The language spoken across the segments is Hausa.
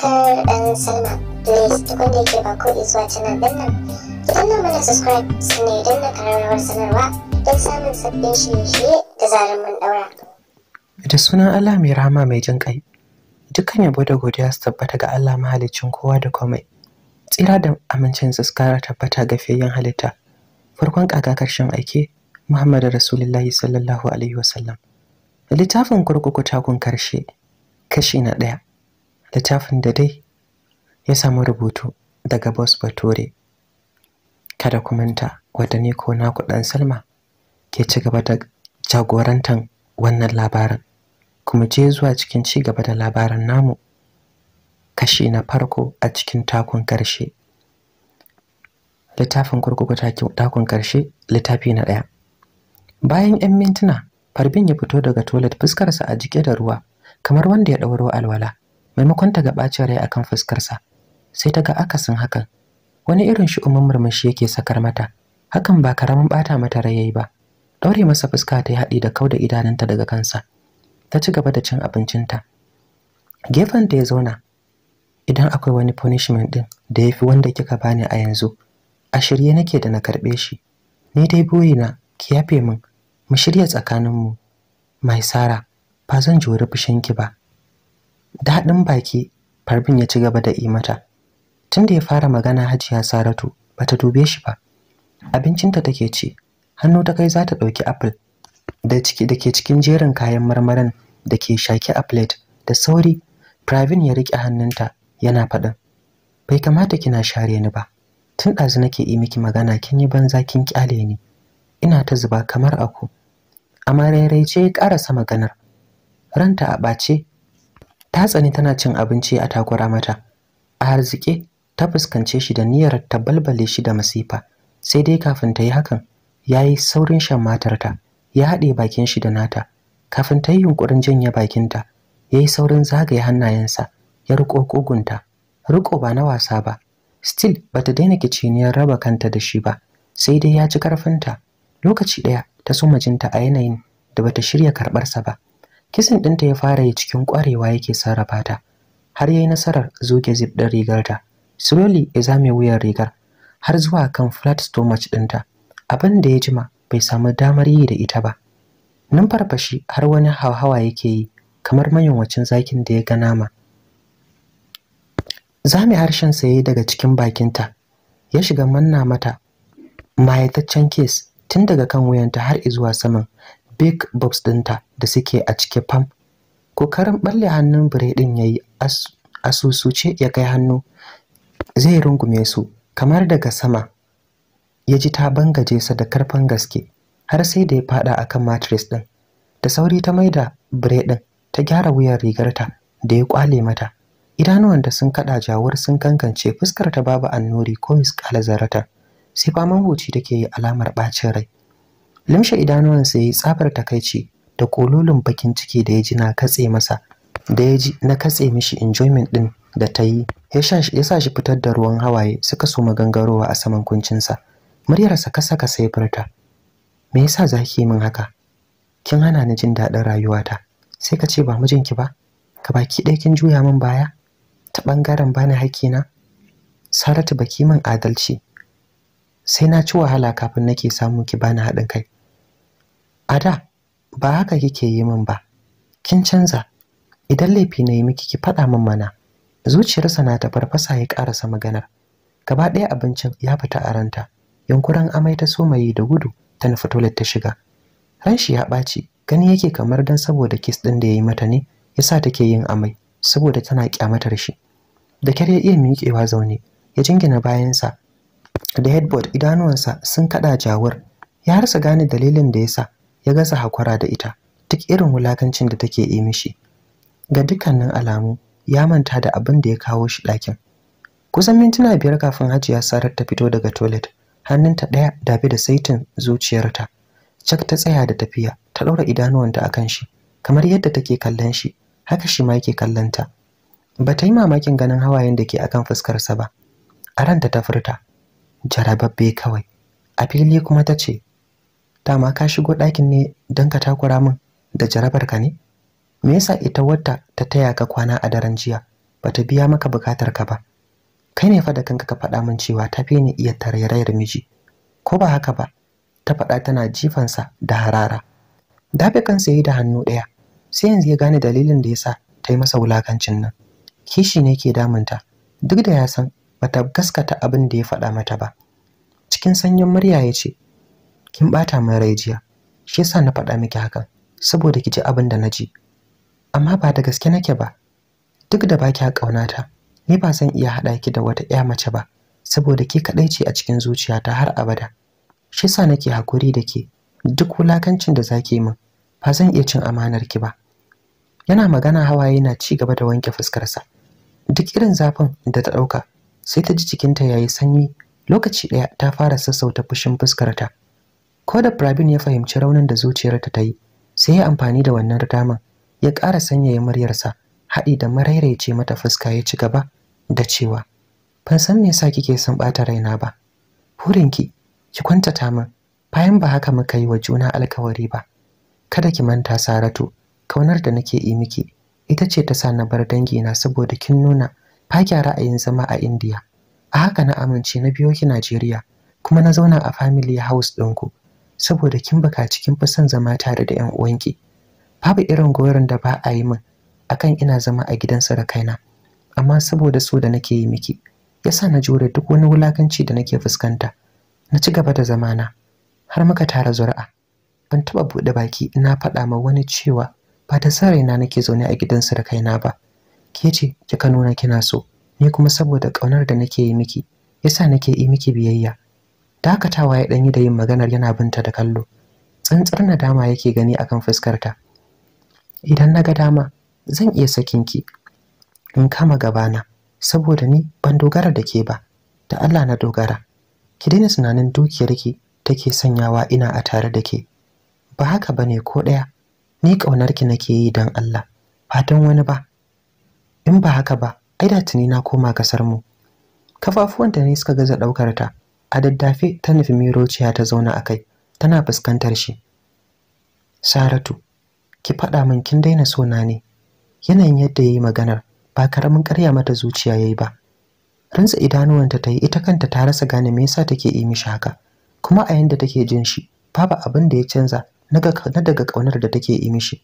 subscribe and sign up. Please tukun da yake ba ko zuwa canal din nan. Ki danna mana subscribe sannan idan na kararrawar sanarwa don samun sabbin shirye-shirye da zarar mun daura. Da sunan Allah mai rahama mai jin kai. Dukkan yabo da godiya su tabbata ga Allah mahaliccin kowa da komai. Tsira da amincin su tabbata ga fiyayyen halitta. Farkon kaga karshen aike Muhammadu Rasulullahi sallallahu Alaihi wasallam. Littafin kurkuku takun karshe, kashi na ɗaya. littafin da dai ya samu rubutu daga Boss Bature. Kada ku manta ne ko na kuɗan Salma ke ci gaba da jagorantar wannan labarin. Kuma je zuwa cikin ci gaba da labarin namu kashi na farko a cikin takun ƙarshe. Littafin kurkuku takun karshe littafi na ɗaya. Bayan 'yan mintuna, Farbin ya fito daga toilet fuskarsa a jike da ruwa kamar wanda ya ɗauro alwala. maimakon ta ga bacin rai akan fuskarsa sai ta ga akasin hakan wani irin shi umman murmushi yake sakar mata hakan ba karamin bata mata rai yayi ba daure masa fuska ta haɗi da kauda idananta daga kansa ta ci gaba da cin abincinta gefen da ya zauna idan akwai wani punishment din da yafi wanda kika bani a yanzu a shirye nake da na karɓe shi ni dai na ki yafe min mu shirya tsakaninmu mai sara ba zan jori fushinki ba daɗin baki farbin ya ci gaba da imata mata tunda ya fara magana hajiya saratu bata dube shi ba abincinta take ci hannu ta kai za ta ɗauki apple da ciki da ke cikin jerin kayan marmarin da ke shaki a plate da sauri pravin ya riƙe hannunta yana faɗin bai kamata kina share ni ba tun ɗazu nake yi miki magana kin yi banza kin ƙyale ni ina ta zuba kamar aku amma rairaice ya ƙarasa maganar ranta a ɓace ta tsani tana cin abinci a takura mata a harzike ta fuskance shi da niyyar ta balbale shi da masifa sai dai kafin ta yi hakan ya yi saurin shan matarta ya haɗe bakin shi da nata kafin ta yi yunƙurin janye bakinta ya yi saurin zagaye hannayensa ya riƙo ƙugunta riƙo ba na wasa ba still ba ta daina kiciniyar raba kanta da shi ba sai dai ya ci karfinta lokaci ɗaya ta suma jinta a yanayin da bata shirya karɓarsa ba kisin ɗinta ya fara yi cikin ƙwarewa yake sarrafa ta har yayi nasarar zuke zip ɗin rigarta slowly ya zame wuyan rigar har zuwa kan flat stomach ɗinta abin da ya jima bai samu damar yi da ita ba nan farfashi har wani hauhawa yake yi kamar mayunwacin zakin da ya ga nama zame harshen saye daga cikin bakinta ya shiga manna mata mayataccen kes tun daga kan wuyanta har izuwa saman big box ɗinta da suke a cike fam kokarin balle hannun biredin yayi asusuce ya kai hannu zai rungume su kamar daga sama ya ji ta bangaje sa da karfin gaske har sai da ya fada akan mattress ɗin da sauri ta maida biredin ta gyara wuyan rigarta da ya kwale mata idanuwan da sun kada jawar sun kankance fuskar ta babu annuri ko miskala zarata sai faman huci take yi alamar bacin rai lamshe idanuwansa ya yi tsabar takaici da kololin bakin ciki da ya ji na katse masa da ya ji na katse mishi enjoyment din da ta yi ya sa shi fitar da ruwan hawaye suka so magangarowa a saman kuncinsa muryarsa kasa kasa ya furta me yasa za ki min haka kin hana ni jin daɗin rayuwata sai ka ce ba mijinki ba ka baki ɗaya kin juya min baya ta ɓangaren bani na? saratu baki min adalci sai na ci wahala kafin nake samu ki bani haɗin kai a da ba haka kike yi min ba kin canza idan laifi na yi miki ki faɗa min mana zuciyarsa na ta farfasa ya ƙarasa maganar gaba ɗaya abincin ya fita a ranta yankuran amai ta somayi da gudu ta na toilet ta shiga shi ya ɓaci gani yake kamar dan saboda kis ɗin da ya yi mata ne ya yasa take yin amai saboda tana kyamatar shi da kyar ya iya miƙewa zaune ya jingina bayansa da headboard idanuwansa sun kaɗa jawar ya harsa gane dalilin da ya sa. ya gasa hakura da ita duk irin wulakancin da take yi mishi ga dukkanin alamu ya manta da abin da ya kawo shi ɗakin kusan mintuna biyar kafin hajiya sarar ta fito daga toilet hannunta ɗaya dabe da saitin zuciyarta cak ta tsaya da tafiya ta ɗaura idanuwanta akan shi kamar yadda take kallon shi haka shi ma yake kallon ta ba ta yi mamakin ganin hawayen da ke akan fuskarsa ba a ranta ta furta jarababbe kawai a fili kuma ta ce dama ka shigo ɗakin ne don ka takura min da jarabar ka ne me yasa ita wata ta taya ka kwana a daren jiya bata biya maka bukatar ka ba kai ne fa da kanka ka faɗa min cewa ta fi ni iya tarairayar miji ko ba haka ba ta faɗa tana jifansa da harara dafe kansa yi da hannu ɗaya sai yanzu ya gane dalilin da yasa ta yi masa wulakancin nan kishi ne ke damunta duk da ya san bata gaskata abin da ya faɗa mata ba cikin sanyin murya ya ce kin bata min rai jiya shi yasa na faɗa miki hakan saboda ki ji abin da na ji amma ba da gaske nake ba duk da baki ta, ni ba zan iya haɗa ki da wata ƴa mace ba saboda ki kaɗai ce a cikin zuciyata har abada shi yasa nake hakuri da ke duk wulakancin da zaki min ba zan iya cin amanar ki ba yana magana hawaye na ci gaba da wanke fuskarsa duk irin zafin da ta ɗauka sai ta ji ta yayi sanyi lokaci ɗaya ta fara sassauta fushin fuskarta ko da Pravin ya fahimci raunin da zuciyarta ta yi sai ya amfani da wannan daman ya ƙara sanyaya muryarsa haɗi da marairaice mata fuska ya ci gaba da cewa ban san me yasa kike son bata raina ba hurinki ki kwantata min bayan ba haka muka yi wa juna alkawari ba kada ki manta saratu kaunar da nake yi miki ita ce ta sa na bar dangi na saboda kin nuna fakya ra'ayin zama a indiya a haka na amince na biyo ki najeriya kuma na zauna a family house ɗinku saboda kin bukaci kin fi son zama tare da ƴan uwanki babu irin goyon da ba a yi min akan ina zama a gidansa da kaina. amma saboda so da nake yi miki yasa na jure duk wani wulakanci da nake fuskanta na ci gaba da zamana har muka tara zuri'a ban taba bude baki ina faɗa ma wani cewa ba sa raina nake zaune a gidansa da kaina ba ke ce kika nuna kina so ni kuma saboda ƙaunar da nake yi miki yasa nake yi miki biyayya dakatawa ya ɗanyi da yin maganar yana binta da kallo tsantsar nadama yake gani akan fuskarta idan na ga dama zan iya sakin ki in kama gabana saboda ni ban dogara da ke ba da Allah na dogara ki daina tunanin dukiyar ki take sanyawa ina a tare da ke ba haka bane ko ɗaya ni ƙaunar ki nake yi dan Allah ba don wani ba in ba haka ba ai da tuni na koma kasar mu ta ne suka gaza ɗaukar ta a daddafe ta nufi mirociya ta zauna a kai tana fuskantar shi saratu ki faɗa min kin daina sona ne yanayin yadda ya yi maganar ba karamin ƙarya mata zuciya ya yi ba rinsa idanuwanta ta yi ita kanta ta rasa gane me yasa take yi mishi haka kuma a yanda take jin shi babu abin da ya canza na daga ƙaunar da take yi mishi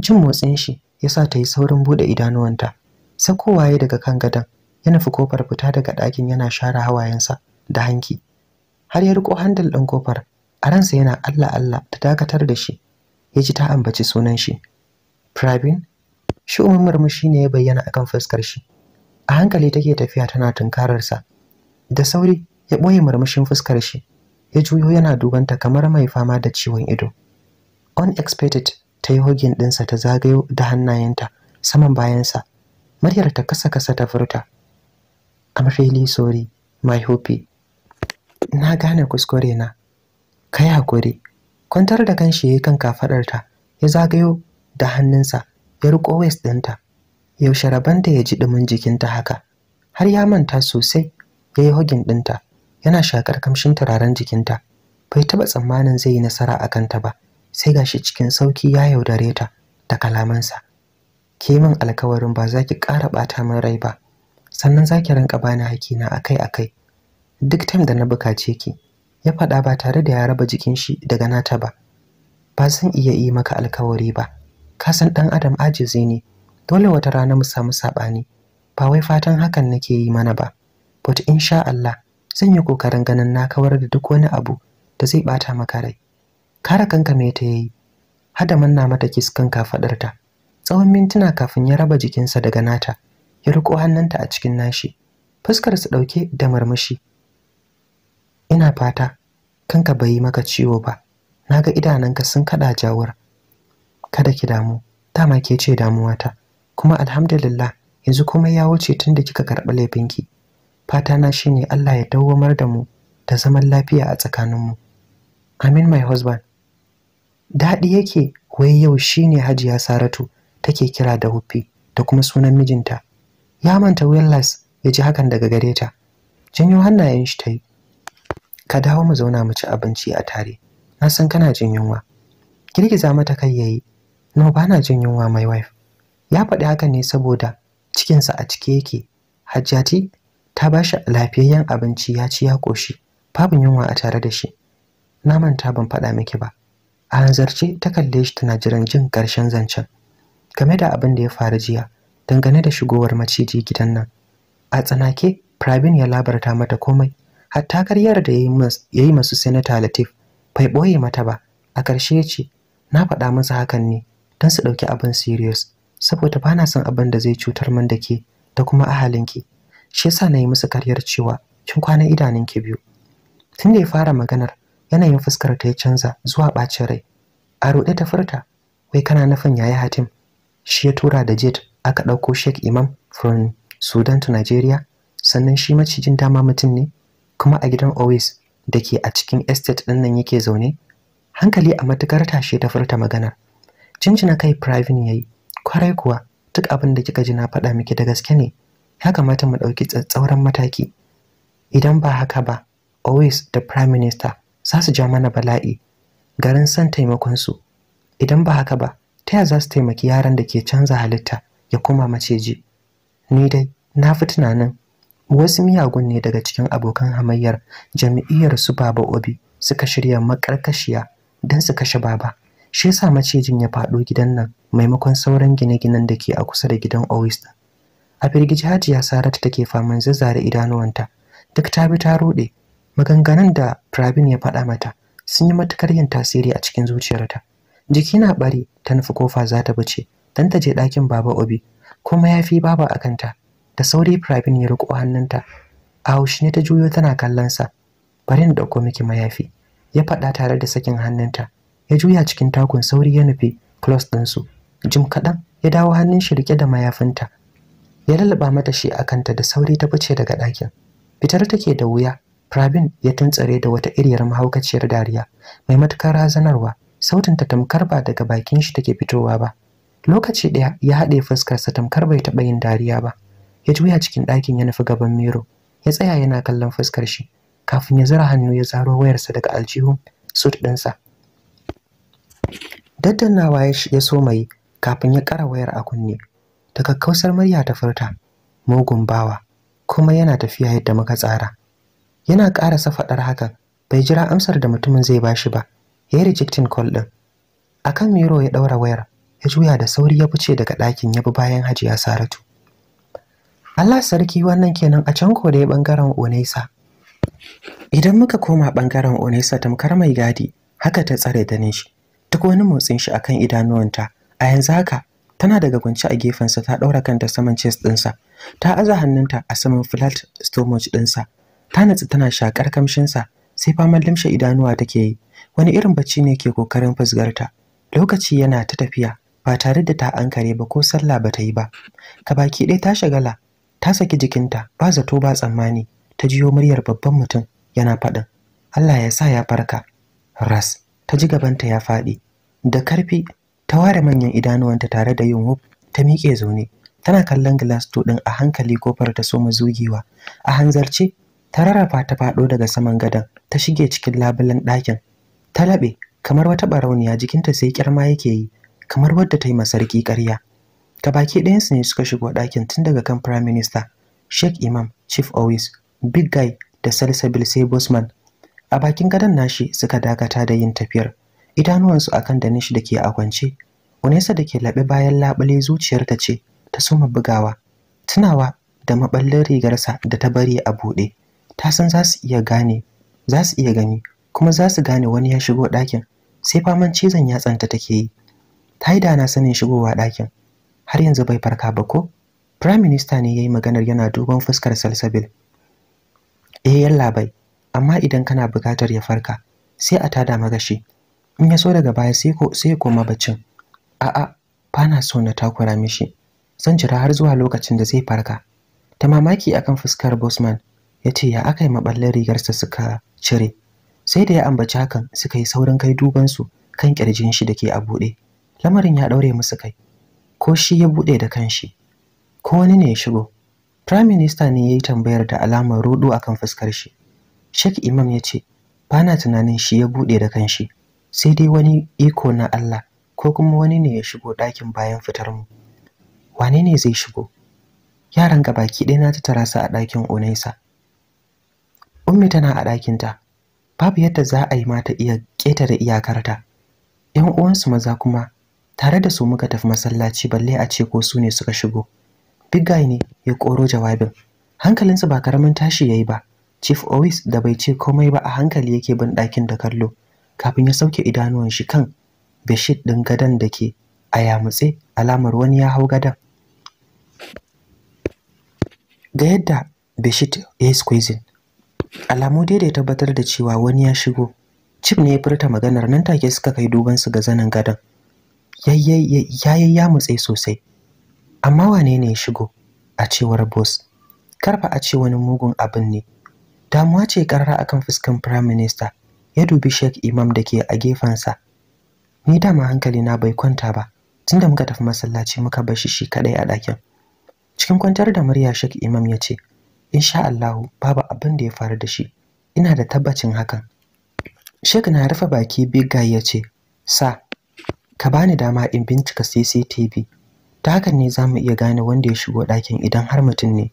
jin motsin shi ya sa ta yi saurin buɗe idanuwanta sai kowaye daga kan gadon ya fi kofar fita daga ɗakin yana share hawayensa da hanki har ya riko handal ɗin kofar a ransa yana Allah Allah ta dakatar da shi ya ji ta ambaci sunan shi Pravin shi umar murmushi ne ya bayyana akan fuskar shi a hankali take tafiya tana tunkararsa da sauri ya ɓoye murmushin fuskar shi ya juyo yana dubanta kamar mai fama da ciwon ido unexpected ta yi hogin ɗinsa ta zagayo da hannayenta saman bayansa maryar ta kasa kasa ta furta I'm really sorry, my hope. na gane kuskure na kai hakuri kwantar da kanshi yayi kan kafadarta ya zagayo da hannunsa ya riko waist ɗinta yaushe rabanta ya ji dumin jikinta haka har ya manta sosai ya yi hogin ɗinta yana shakar kamshin turaren jikinta bai taba tsammanin zai yi nasara a kanta ba sai gashi cikin sauki ya yaudare ta da kalamansa ke min alkawarin ba za ki ƙara ɓata min rai ba sannan za ki rinka bani hakina akai-akai duk time da na bukace ki ya faɗa ba tare da ya raba jikin shi daga nata ba ba zan iya yi maka alkawari ba ka san ɗan adam ajizi ne dole wata rana mu samu saɓani ba wai fatan hakan nake yi mana ba but insha Allah zan yi kokarin ganin na kawar da duk wani abu da zai bata maka rai kare kanka me ta yi. hada manna mata kiskan kafadarta tsawon mintuna kafin ya raba jikinsa daga nata ya riko hannunta a cikin nashi fuskar su dauke da murmushi ina fata kanka bai yi maka ciwo ba Na ga idananka sun kada jawar kada ki damu dama ke ce damuwata kuma alhamdulillah yanzu kuma ya wuce tun da kika karɓi laifinki fata na shine Allah ya dawwamar da mu da zaman lafiya a tsakaninmu amin my husband daɗi yake wai yau shine hajiya saratu take kira da huffi da kuma sunan mijinta ya manta willas ya ji hakan daga gare ta janyo hannayen shi ta yi ka dawo mu zauna mu ci abinci a tare na san kana jin yunwa girgiza mata kai yayi no ba na jin yunwa my wife ya faɗi haka ne saboda cikinsa a cike yake hajjati ta ba shi lafiyayyen abinci ya ci ya koshi babu yunwa a tare da shi na manta ban faɗa miki ba a hanzarce ta kalle shi tana jiran jin ƙarshen zancen game da abin da ya faru jiya dangane da shigowar maciji gidan nan a tsanake Pravin ya labarta mata komai hatta karyar da ya yi masu senator latif bai ɓoye mata ba a ƙarshe ce na faɗa masa hakan ne don su ɗauki abin serious saboda ba na son abin da zai cutar min da ke da kuma ahalinki shi yasa na yi masu karyar cewa kin kwana idanunki biyu tun da ya fara maganar yanayin fuskar ta ya canza zuwa ɓacin rai a ruɗe ta furta wai kana nufin yayi hatim shi ya tura da jet aka ɗauko sheik imam from sudan to nigeria sannan shi macijin dama mutum ne kuma a gidan Owis da ke a cikin estate ɗin nan yake zaune? Hankali a matukar tashe ta furta magana. Cincina kai ya yi, kwarai kuwa duk abin da kika ji na faɗa miki da gaske ne. Ya kamata mu ɗauki tsatsauran mataki. Idan ba haka ba, Owis da Prime Minister za su ja mana bala'i garin son taimakon su. Idan ba haka ba, ta yaya za su taimaki yaran da ke canza halitta ya koma maceji? Ni dai na fi tunanin wasu miyagun ne daga cikin abokan hamayyar jam'iyyar su baba obi suka shirya makarkashiya don su kashe baba shi yasa macijin ya faɗo gidan nan maimakon sauran gine-ginen da ke a kusa da gidan Owis a firgici hajiya saratu take faman zazzare idanuwanta duk ta bi ta ruɗe maganganun da Pravin ya faɗa mata sun yi matukar yin tasiri a cikin zuciyarta jiki na bari ta nufi kofa za ta bice don ta je ɗakin baba obi kuma ya fi baba a kanta da sauri Frabin ya riko hannunta a haushi ne ta juyo tana kallon sa bari na dauko miki mayafi ya faɗa tare da sakin hannunta ya juya cikin takun sauri ya nufi klos din su jim kaɗan ya dawo hannun shi rike da mayafinta ya lalaba mata shi a kanta da sauri ta fice daga ɗakin fitar take da wuya Frabin ya tuntsare da wata iriyar mahaukaciyar dariya mai matukar razanarwa sautinta tamkar ba daga bakin shi take fitowa ba lokaci ɗaya ya haɗe fuskarsa tamkar bai taɓa yin dariya ba ya juya cikin ɗakin ya nufi gaban miro ya tsaya yana kallon fuskar shi kafin ya zura hannu ya zaro wayarsa daga aljihu sut ɗinsa daddanawa ya so mai kafin ya ƙara wayar a kunne Daga kausar murya ta furta mugun bawa kuma yana tafiya yadda muka tsara yana ƙara safaɗar hakan bai jira amsar da mutumin zai ba shi ba ya yi rejectin call ɗin akan miro ya ɗaura wayar ya juya da sauri ya fice daga ɗakin ya bi bayan hajiya saratu Allah sarki wannan kenan a can ko dai bangaren Onesa. Idan muka koma bangaren Onesa tamkar mai gadi, haka ta tsare da shi. Duk wani motsin shi akan idanuwanta. A yanzu haka tana daga gunci a gefen sa, ta daura kanta saman chest ɗinsa. Ta aza hannunta a saman flat stomach ɗinsa. Ta natsu tana shakar kamshin sa sai faman limshe idanuwa take yi. Wani irin bacci ne ke kokarin fusgarta. Lokaci yana ta tafiya ba tare da ta ankare ba ko sallah ba ta yi ba. Ka baki ɗaya ta shagala ta saki jikinta ba zato ba tsammani ta jiyo muryar babban mutum yana faɗin Allah ya sa ya farka ras ta ji gabanta ya faɗi da karfi ta ware manyan idanuwanta tare da yin wuf ta miƙe zaune tana kallon glass to ɗin a hankali kofar ta soma zugiwa a hanzarce ta rarrafa ta faɗo daga saman gadon ta shige cikin labulen ɗakin ta laɓe kamar wata barauniya jikinta sai kyarma yake yi kamar wadda ta yi masarki ƙarya baki Gabaki su ne suka shigo ɗakin tun daga kan Prime Minister, Sheikh Imam, Chief Owis, Big Guy da Salsabil sai Bosman. A bakin gadon nashi suka dakata da yin tafiyar, idanuwansu a akan shi da ke a kwance. Unesa da ke laɓe bayan laɓale zuciyarta ce ta suma bugawa, tunawa da maɓallin rigarsa da ta bari a buɗe. Ta san za su iya gane, za su iya gani, kuma za su gane wani ya shigo ɗakin, sai faman cizon yatsanta take yi. Ta yi dana sanin shigowa ɗakin, har yanzu bai farka ba ko prime minister ne yayi maganar yana duban fuskar salsabil eh yalla bai amma idan kana bukatar ya farka sai a tada magashi in ya so daga baya sai ko sai koma baccin a'a ba na so na takura mishi zan jira har zuwa lokacin da zai farka ta mamaki akan fuskar bosman yace ya aka yi rigarsa suka cire sai da ya ambaci hakan suka yi saurin kai dubansu kan ƙirjin shi da ke a buɗe lamarin ya daure musu kai ko shi ya bude da kanshi ko wani ne ya shigo prime minister ne ya yi tambayar da alamar rudu akan fuskar shi sheikh imam ya ce ba na tunanin shi ya bude da kanshi sai dai wani iko na allah ko kuma wani ne ya shigo dakin bayan fitar mu wane ne zai shigo yaran baki ɗaya na tattara su a ɗakin unaisa ummi tana a ta babu yadda za a yi mata iya ƙetare iyakarta ‘yan uwansu maza kuma tare da su muka tafi masallaci balle a ce ko su ne suka shigo big guy ne ya koro jawabin hankalinsa ba karamin tashi yayi ba chief always da bai ce komai ba a hankali yake bin ɗakin da kallo kafin ya sauke idanuwan shi kan bishit ɗin gadon da ke a yamutse alamar wani ya hau gadon ga yadda bishit ya yi squeezing alamu dai da ya tabbatar da cewa wani ya shigo chief ne ya furta maganar nan take suka kai duban su ga zanin gadon yayi ya mutse sosai amma wane ne ya shigo a cewar boss karfa a ce wani mugun abin ne damuwa ce karara akan fuskan prime minister ya dubi sheikh imam da ke a gefensa ni dama hankali na bai kwanta ba tunda muka tafi masallaci muka bar shi shi kadai a ɗakin cikin kwantar da murya sheikh imam ya ce insha Allahu babu abin da ya faru da shi ina da tabbacin hakan sheik na rufe baki bigga ya ce, "Sa, ka bani dama in bincika CCTV ta hakan ne zamu iya gane wanda ya shigo ɗakin idan har mutum ne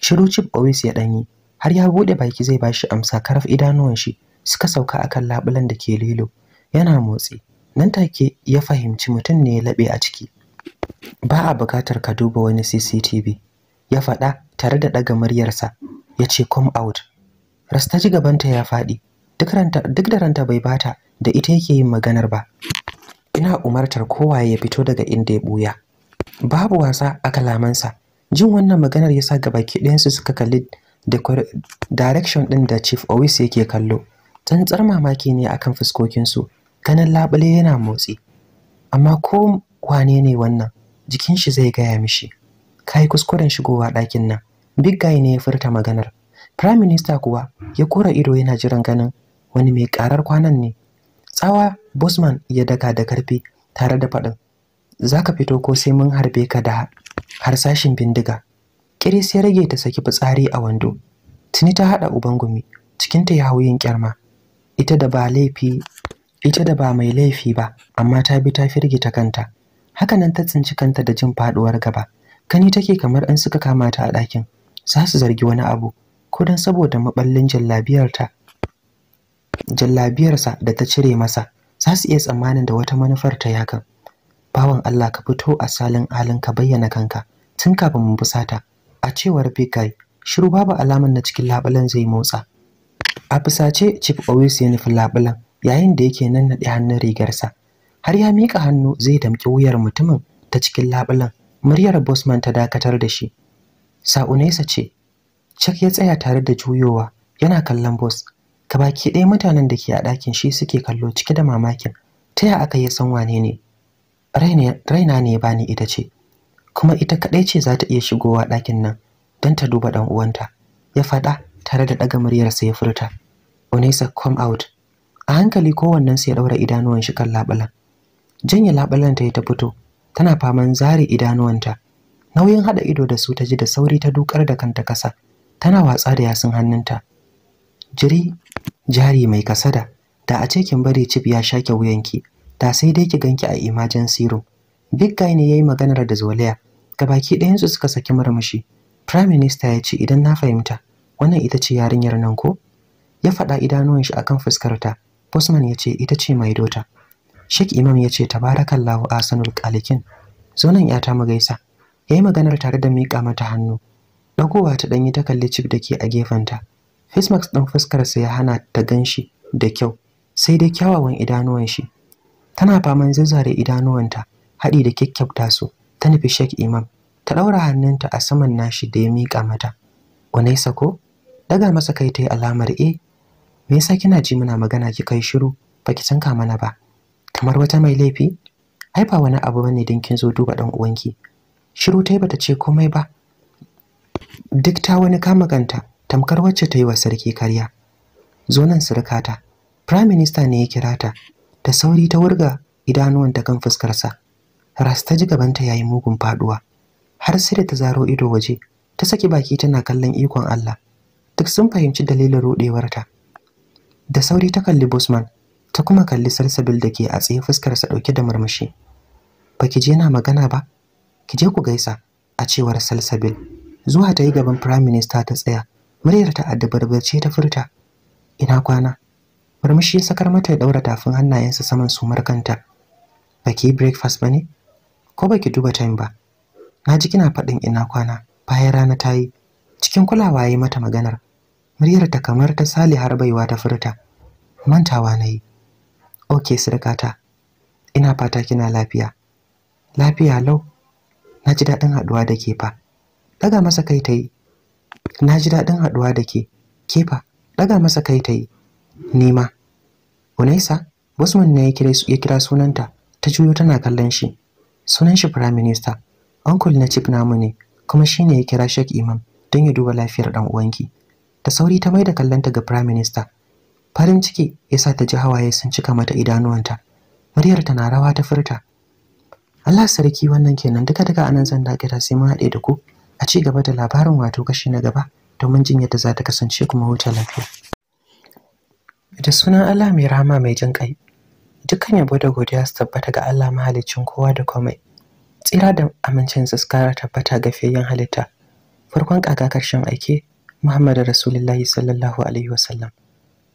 shiru chip always ya danyi har ya bude baki zai bashi amsa karaf idanuwan shi suka sauka akan labulan da ke lilo yana motsi nan take ya fahimci mutum ne ya labe a ciki ba a bukatar ka duba wani CCTV ya faɗa tare da ɗaga muryarsa ya ce come out rasta ji gabanta ya faɗi duk da ranta bai bata da ita yake yin maganar ba ina umartar kowaye ya fito daga inda ya buya babu wasa a kalamansa jin wannan maganar yasa gabaki ɗayansu suka kalli direction ɗin da chief owis yake kallo tsantsar mamaki ne akan fuskokinsu ganin labule yana motsi amma ko wane ne wannan jikin shi zai gaya mishi kai kuskuren shigowa ɗakin nan big guy ne ya furta maganar prime minister kuwa ya kora ido yana jiran ganin wani mai karar kwanan ne tsawa Bosman ya daga da karfi tare da faɗin, za ka fito ko sai mun harbe ka da harsashin bindiga. Kiris ya rage ta saki fitsari a wando. Tuni ta haɗa ubangumi, gumi, cikinta ya hau yin kyarma. Ita da ba laifi, ita da ba mai laifi ba, amma ta bi ta firgita kanta. Hakanan ta tsinci kanta da jin faɗuwar gaba. Kani take kamar an suka kama ta a ɗakin. Za su zargi wani abu, ko don saboda maballin jallabiyarta. Jallabiyarsa da ta cire masa, za su iya tsammanin da wata manufar ta yakan bawan Allah ka fito a salin halin ka bayyana kanka tun kafin mun fusata a cewar big shiru babu alamar na cikin labulan zai motsa a fusace chief Owis ya nufi labulan yayin da yake nan naɗe hannun rigarsa har ya mika hannu zai damƙi wuyar mutumin ta cikin labulan muryar bosman ta dakatar da shi sa'unesa ce Chuck ya tsaya tare da juyowa yana kallon boss Gabaki ɗaya mutanen da ke a ɗakin shi suke kallo cike da mamakin. Ta ya aka yi san wane ne? Raina ne ya bani ita ce. Kuma ita kaɗai ce za ta iya shigowa ɗakin nan don ta duba ɗan uwanta. Ya faɗa tare da ɗaga muryarsa ya furta. Onesa come out. A hankali sai ya ɗaura idanuwan shi kan labulan. Janye ta yi ta fito, tana faman zare idanuwanta. Nauyin haɗa ido da su ta ji da sauri ta dukar da kanta kasa, tana watsa da yasin hannunta. Jiri jari mai kasada da a ce kin bari cif ya shake wuyanki da sai dai ki ganki a emergency room big guy ne yayi maganar da zolaya gabaki ɗayan su suka saki murmushi prime minister ya ce idan na fahimta wannan ita ce yarinyar nan ko ya faɗa idanuwan shi akan fuskarta bosman ya ce ita ce mai dota Sheikh Imam ya ce tabarakallahu ahsanul qalikin zonan yata mu gaisa yayi maganar tare da miƙa mata hannu dagowa ta danyi ta kalli da ke a gefenta face mask ɗin fuskarsa ya hana ta ganshi da kyau sai dai kyawawan idanuwan shi tana faman zazzare idanuwanta haɗi da kyakkyauta su ta nufi shek imam ta ɗaura hannunta a saman nashi da ya miƙa mata unaisa ko daga masa kai ta yi alamar e me yasa kina ji muna magana kika yi shiru baki tanka mana ba kamar wata mai laifi ai ba wani abu bane din kin zo duba ɗan uwanki shiru tai bata ce komai ba duk ta wani kama kanta tamkar wacce ta yi wa sarki karya zo nan surkata prime minister ne ya kira ta da sauri ta wurga idanuwanta kan fuskarsa ras ta ji gabanta yayi mugun faduwa har sai da ta zaro ido waje ta saki baki tana kallon ikon Allah duk sun fahimci dalilin ta da sauri ta kalli Bosman ta kuma kalli Salsabil da ke a tsaye fuskarsa dauke da murmushi Ba ki je na magana ba ki je ku gaisa a cewar Salsabil zuwa ta yi gaban prime minister ta tsaya muryar ta addabarbarce ta furta ina kwana murmushi ya sakar mata ya daura tafin hannayensa saman sumar kanta baki breakfast ne? ko baki duba time ba na ji kina faɗin ina kwana bayan rana ta yi cikin kulawa ya yi mata maganar muryar ta kamar ta sale har baiwa ta furta mantawa na yi ok sirkata ina fata kina lafiya lafiya lau na ji daɗin haɗuwa da ke fa daga masa kai ta yi na ji daɗin haɗuwa da ke kefa ɗaga masa kai ta yi nema unaisa bosman ne ya kira sunanta ta juyo tana kallon shi sunan shi prime minister uncle na chief namu ne kuma shi ne ya kira shek Imam don ya duba lafiyar ɗan uwanki da sauri ta mai maida kallonta ga prime minister farin ciki ya sa ta ji hawaye sun cika mata idanuwanta muryar ta na rawa ta furta Allah sarki wannan kenan duka daga anan zan dakata sai mun haɗe da ku a ci gaba da labarin wato kashi na gaba domin jin yadda za ta kasance kuma wuce lafiya. Da sunan Allah mai rama mai jin kai dukkan yabo da godiya su tabbata ga Allah mahaliccin kowa da komai. Tsira da amincin zaskara, tabbata ga fiyayyen halitta. Farkon kaga ƙarshen aike Muhammadu Rasulullahi sallallahu alaihi wasallam.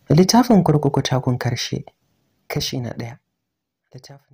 Littafin kurkuku takun karshe kashi na ɗaya. Littafin